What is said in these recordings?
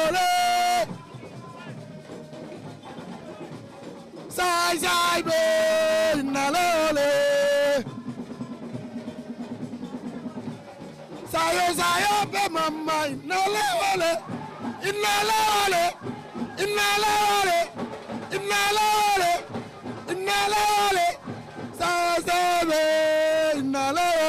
doole saay saay be na loole sayo oh, sayo oh, be mama inna loole inna loole inna loole inna loole inna loole saay saay be inna loole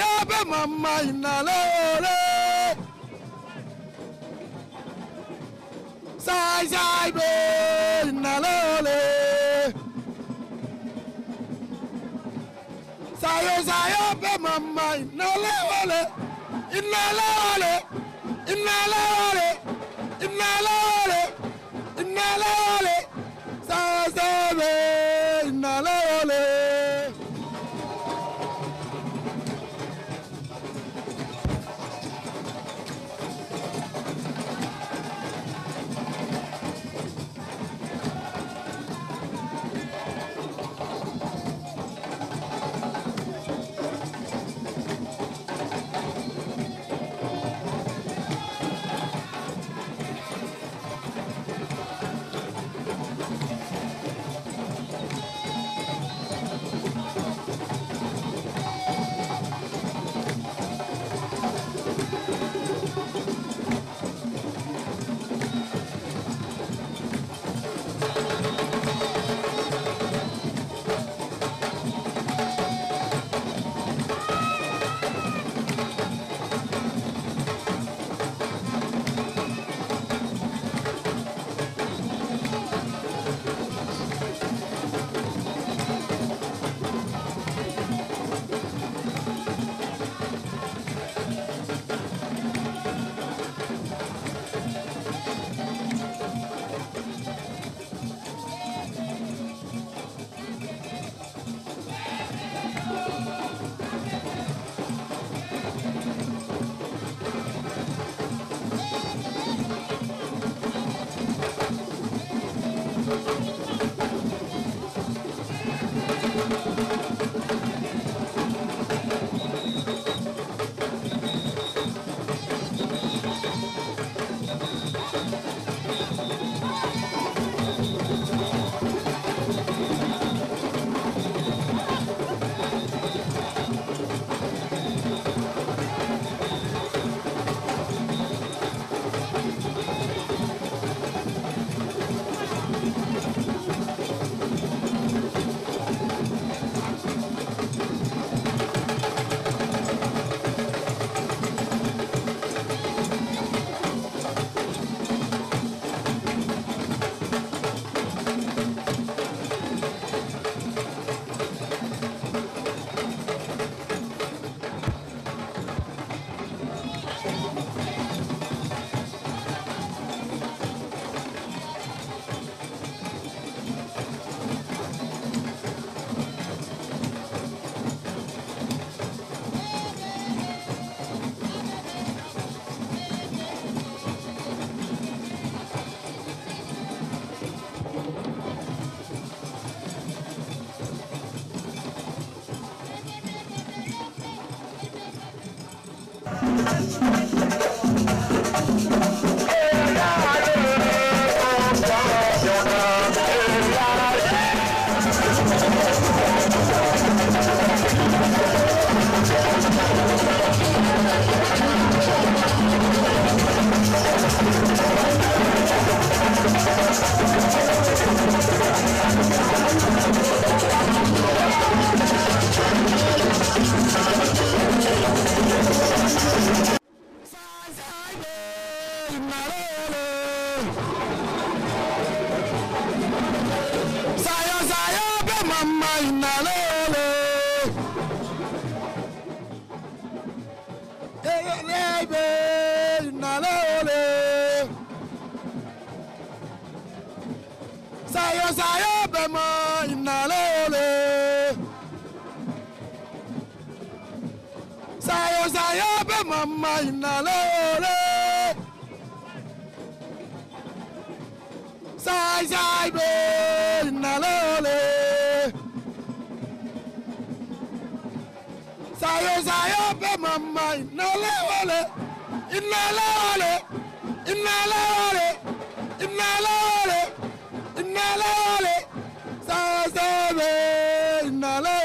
yaabe mama inala ole saay saay be inala ole sayo sayo be mama inala ole inala ole inala ole inala ole inala ole saay saay be Saya Bema inale ole Saya Saya Bema ma inale ole Say Say be inale ole Saya Saya Bema ma inale ole inale ole inale ole inale ole na la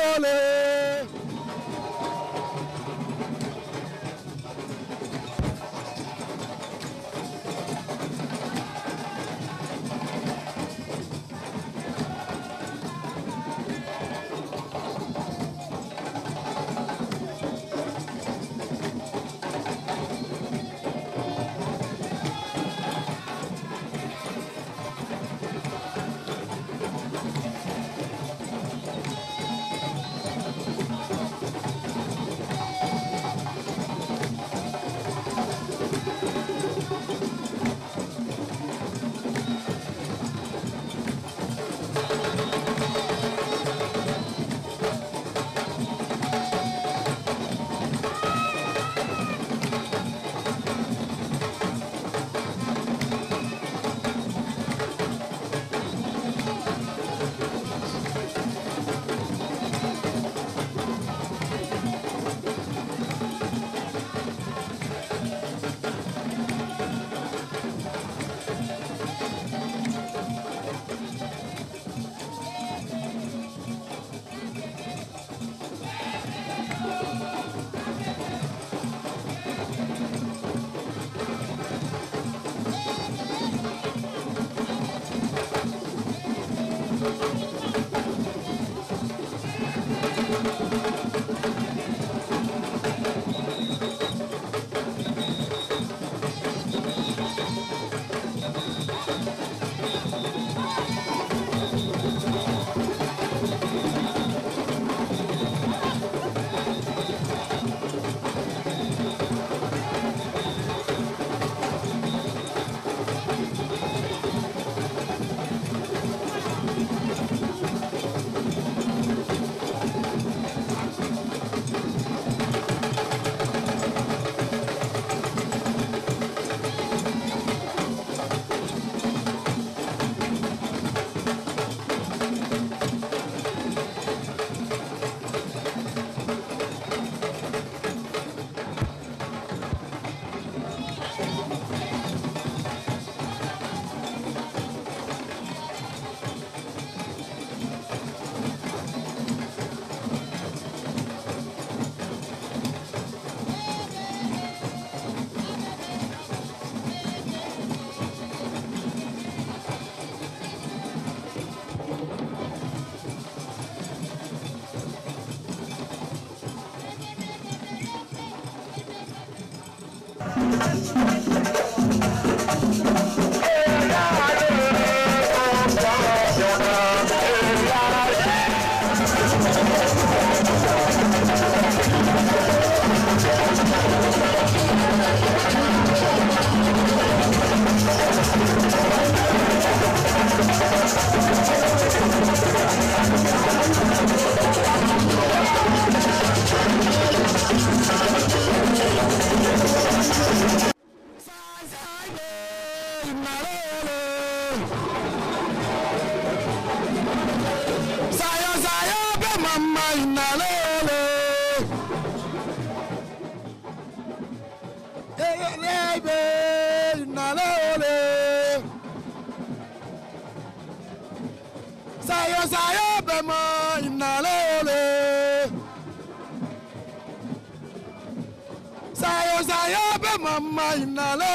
sayaɓe mammay nalore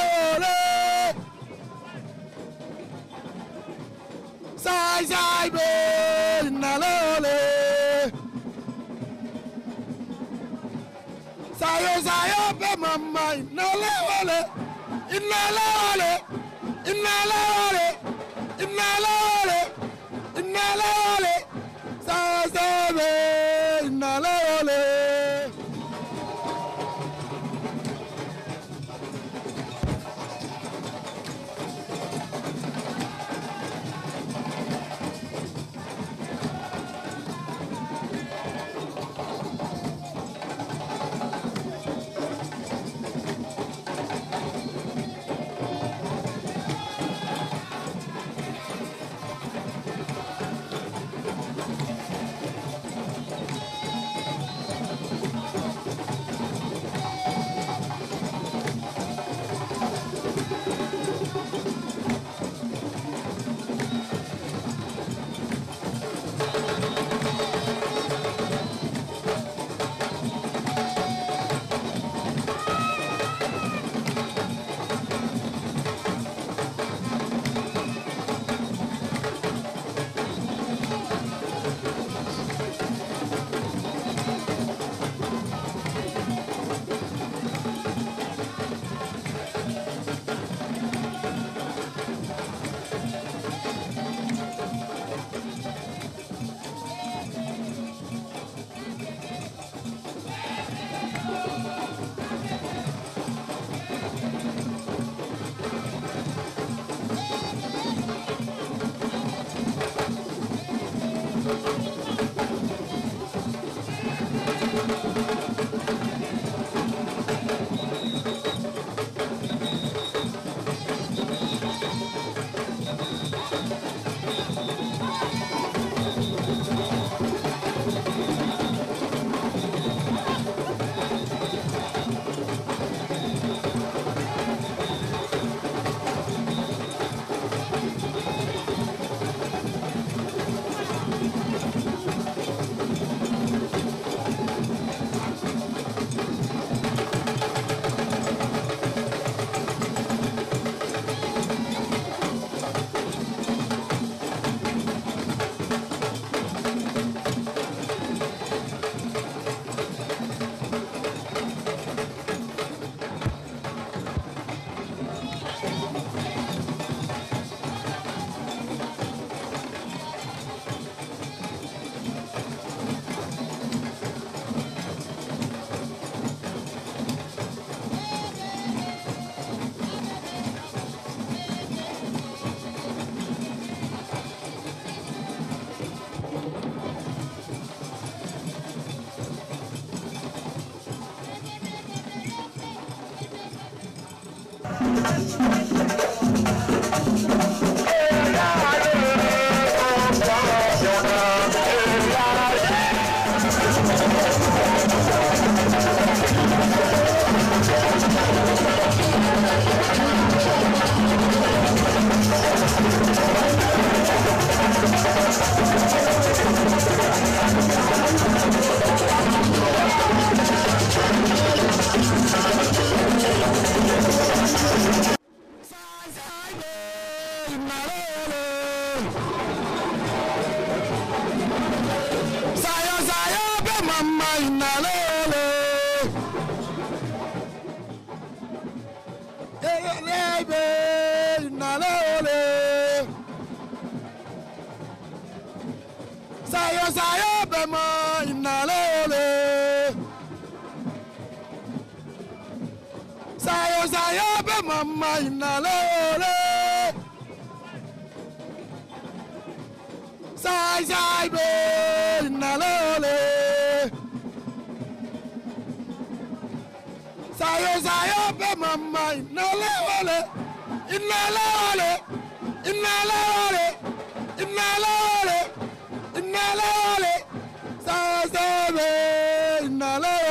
say say ɓe nalole sayo sayaɓe mammay nalewole innalewole innalewole innalewole innalewole say sayɓe mama inalole sai sai be inalole sayo sayo be mama inalole inalole inalole inalole inalole sai sai be inalole